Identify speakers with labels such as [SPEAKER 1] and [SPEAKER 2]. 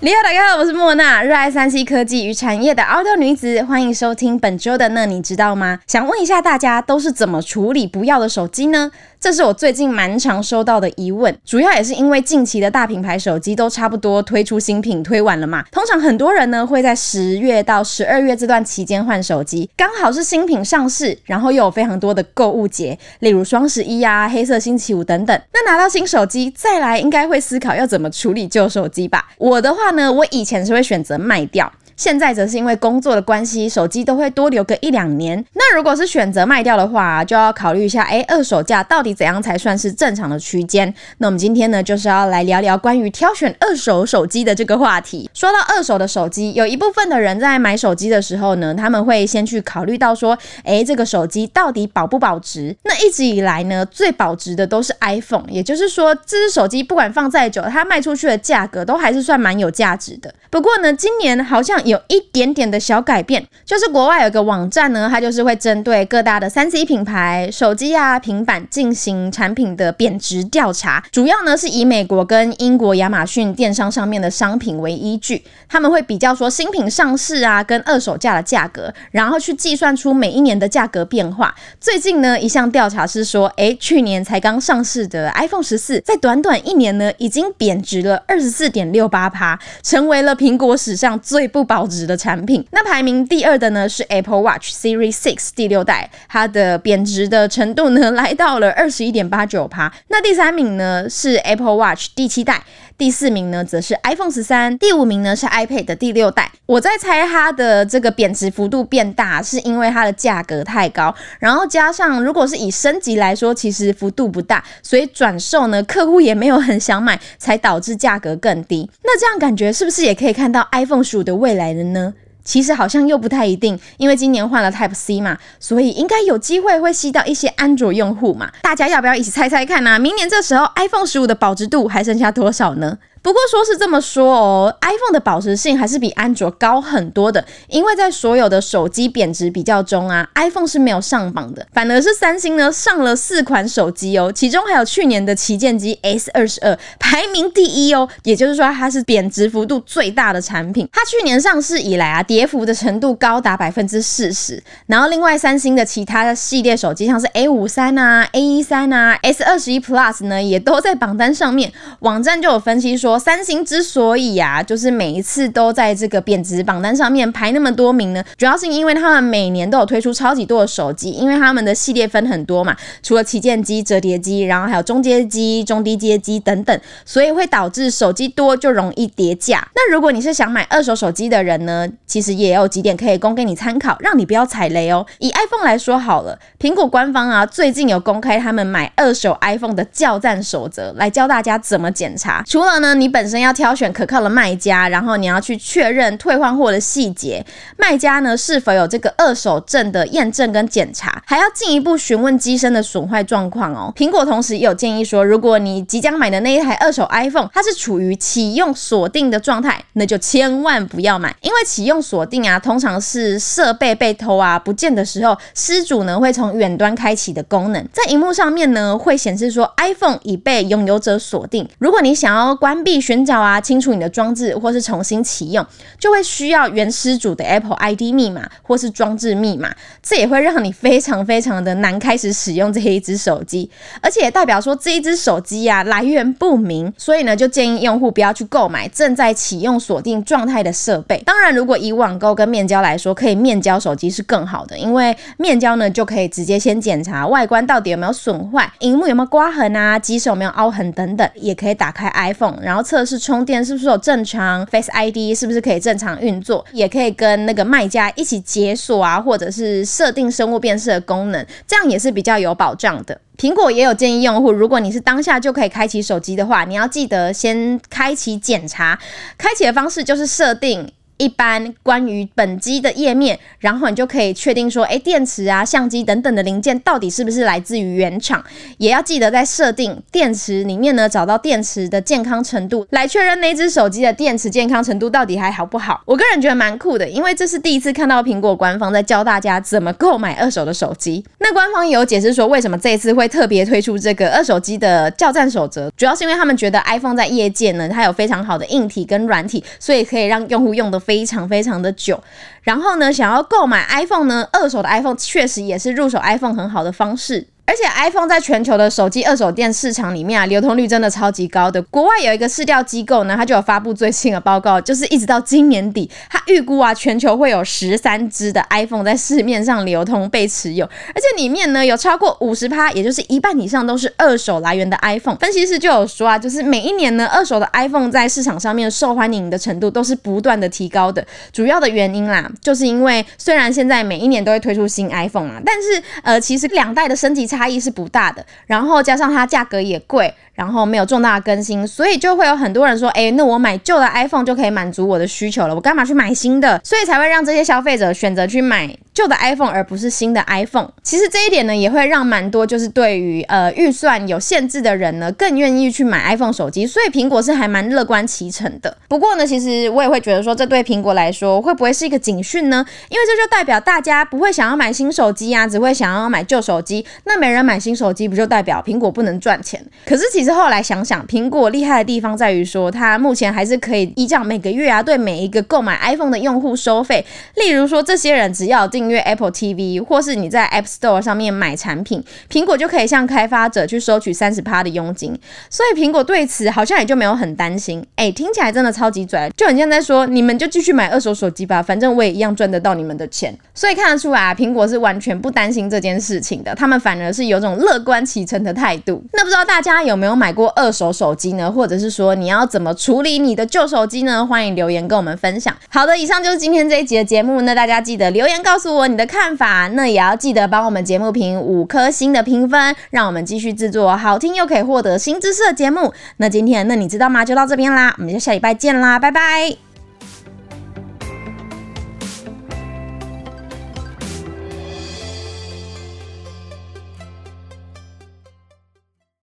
[SPEAKER 1] 你好，大家好，我是莫娜，熱愛三 C 科技與產業的傲嬌女子，歡迎收聽本周的那你知道嗎？想問一下大家都是怎麼處理不要的手機呢？這是我最近蠻常收到的疑問，主要也是因為近期的大品牌手機都差不多推出新品推完了嘛。通常很多人呢會在十月到十二月這段期間換手機，剛好是新品上市，然後又有非常多的購物節，例如雙十一啊、黑色星期五等等。那拿到新手機，再來應該會思考要怎麼處理舊手機吧？我的話呢，我以前是會選擇賣掉。現在則是因為工作的關係，手機都會多留個一兩年。那如果是選擇賣掉的話，就要考慮一下，哎，二手價到底怎樣才算是正常的區間？那我們今天呢，就是要來聊聊關於挑選二手手機的這個話題。說到二手的手機，有一部分的人在買手機的時候呢，他們會先去考慮到說，哎，這個手機到底保不保值？那一直以來呢，最保值的都是 iPhone，也就是說，這隻手機不管放再久，它賣出去的價格都還是算蠻有價值的。不過呢，今年好像，有一點點的小改變，就是國外有個網站呢，它就是會針對各大的三 C 品牌手機啊、平板進行產品的貶值調查，主要呢是以美國跟英國亞馬遜電商上面的商品為依據，他們會比較說新品上市啊跟二手價的價格，然後去計算出每一年的價格變化。最近呢一項調查是說，哎，去年才剛上市的 iPhone 十四，在短短一年呢，已經貶值了二十四點六八趴，成為了蘋果史上最不保保值的產品，那排名第二的呢是 Apple Watch Series 6，第六代，它的貶值的程度呢來到了二十一點八九趴。那第三名呢是 Apple Watch 第七代，第四名呢則是 iPhone 十三，第五名呢是 iPad 的第六代。我在猜它的這個貶值幅度變大，是因為它的價格太高，然後加上如果是以升級來說，其實幅度不大，所以轉售呢客戶也沒有很想買，才導致價格更低。那這樣感覺是不是也可以看到 iPhone 十五的未來？來了呢，其實好像又不太一定，因為今年換了 Type C 嘛，所以應該有機會會吸到一些安卓用戶嘛。大家要不要一起猜猜看呢、啊？明年這時候 iPhone 十五的保值度還剩下多少呢？不過說是這麼說哦，iPhone 的保值性還是比安卓高很多的，因為在所有的手機貶值比較中啊，iPhone 是沒有上榜的，反而是三星呢上了四款手機哦，其中還有去年的旗艦機 S 二十二排名第一哦，也就是說它是貶值幅度最大的產品，它去年上市以來啊，跌幅的程度高達百分之四十，然後另外三星的其他的系列手機像是 A 五三啊、A 一三啊、S 二十一 Plus 呢也都在榜單上面，網站就有分析說。哦、三星之所以啊，就是每一次都在這個貶值榜單上面排那麼多名呢，主要是因為他們每年都有推出超級多的手機，因為他們的系列分很多嘛，除了旗艦機、折疊機，然後還有中階機、中低階機等等，所以會導致手機多就容易跌價。那如果你是想買二手手機的人呢，其實也有幾點可以供給你參考，讓你不要踩雷哦。以 iPhone 來說好了，蘋果官方啊最近有公開他們買二手 iPhone 的叫讚守則，來教大家怎麼檢查。除了呢，你你本身要挑選可靠的賣家，然後你要去確認退換貨的細節，賣家呢是否有這個二手證的驗證跟檢查，還要進一步詢問機身的損壞狀況哦。蘋果同時也有建議說，如果你即將買的那一台二手 iPhone，它是處於啟用鎖定的狀態，那就千萬不要買，因為啟用鎖定啊，通常是設備被偷啊不見的時候，失主呢會從遠端開啟的功能，在熒幕上面呢會顯示說 iPhone 已被擁有者鎖定。如果你想要關必尋找啊、清除你的裝置或是重新啟用，就會需要原失主的 Apple ID 密碼或是裝置密碼，這也會讓你非常非常的難開始使用這一支手機，而且也代表說這一支手機啊來源不明，所以呢就建議用戶不要去購買正在啟用鎖定狀態的設備。當然，如果以網購跟面交來說，可以面交手機是更好的，因為面交呢就可以直接先檢查外觀到底有沒有損壞，螢幕有沒有刮痕啊，機身有沒有凹痕等等，也可以打開 iPhone 然然後測試充電是不是有正常，Face ID 是不是可以正常運作，也可以跟那個賣家一起解鎖啊，或者是設定生物辨識的功能，這樣也是比較有保障的。蘋果也有建議用戶，如果你是當下就可以開啟手機的話，你要記得先開啟檢查，開啟的方式就是設定。一般關於本機的頁面，然後你就可以確定說，哎、欸，電池啊、相機等等的零件到底是不是來自於原廠。也要記得在設定電池裡面呢，找到電池的健康程度，來確認哪隻手機的電池健康程度到底還好不好。我個人覺得蠻酷的，因為這是第一次看到蘋果官方在教大家怎麼購買二手的手機。那官方也有解釋說，為什麼這一次會特別推出這個二手機的交戰守則，主要是因為他們覺得 iPhone 在業界呢，它有非常好的硬體跟軟體，所以可以讓用戶用的。非常非常的久，然後呢，想要購買 iPhone 呢，二手的 iPhone 確實也是入手 iPhone 很好的方式。而且 iPhone 在全球的手機二手店市場裡面啊，流通率真的超級高的。國外有一個市調機構呢，它就有發布最新的報告，就是一直到今年底，它預估啊，全球會有十三支的 iPhone 在市面上流通被持有，而且裡面呢，有超過五十趴，也就是一半以上都是二手來源的 iPhone。分析師就有說啊，就是每一年呢，二手的 iPhone 在市場上面受歡迎的程度都是不斷的提高的。主要的原因啦，就是因為雖然現在每一年都會推出新 iPhone 啊，但是呃，其實兩代的升級差。差異是不大的，然後加上它價格也貴，然後沒有重大的更新，所以就會有很多人說：“誒，那我買舊的 iPhone 就可以滿足我的需求了，我幹嘛去買新的？”所以才會讓這些消費者選擇去買。舊的 iPhone 而不是新的 iPhone，其實這一點呢也會讓蠻多就是對於呃預算有限制的人呢更願意去買 iPhone 手機，所以蘋果是還蠻樂觀其成的。不過呢，其實我也會覺得說這對蘋果來說會不會是一個警訊呢？因為這就代表大家不會想要買新手機啊，只會想要買舊手機。那沒人買新手機，不就代表蘋果不能賺錢？可是其實後來想想，蘋果厲害的地方在於說它目前還是可以依照每個月啊對每一個購買 iPhone 的用戶收費。例如說這些人只要訂。因為 Apple TV 或是你在 App Store 上面買產品，蘋果就可以向開發者去收取三十趴的佣金，所以蘋果對此好像也就沒有很擔心。誒、欸，聽起來真的超級拽，就很像在說，你們就繼續買二手手機吧，反正我也一樣賺得到你們的錢。所以看得出來啊，蘋果是完全不擔心這件事情的，他們反而是有種樂觀其成的態度。那不知道大家有沒有買過二手手機呢？或者是說你要怎麼處理你的舊手機呢？歡迎留言跟我們分享。好的，以上就是今天這一集的節目，那大家記得留言告訴我，如果你的看法，那也要記得幫我們節目評五顆星的評分，讓我們繼續製作好聽又可以獲得新知識的節目。那今天那你知道嗎？就到這邊啦，我們就下禮拜見啦，拜拜。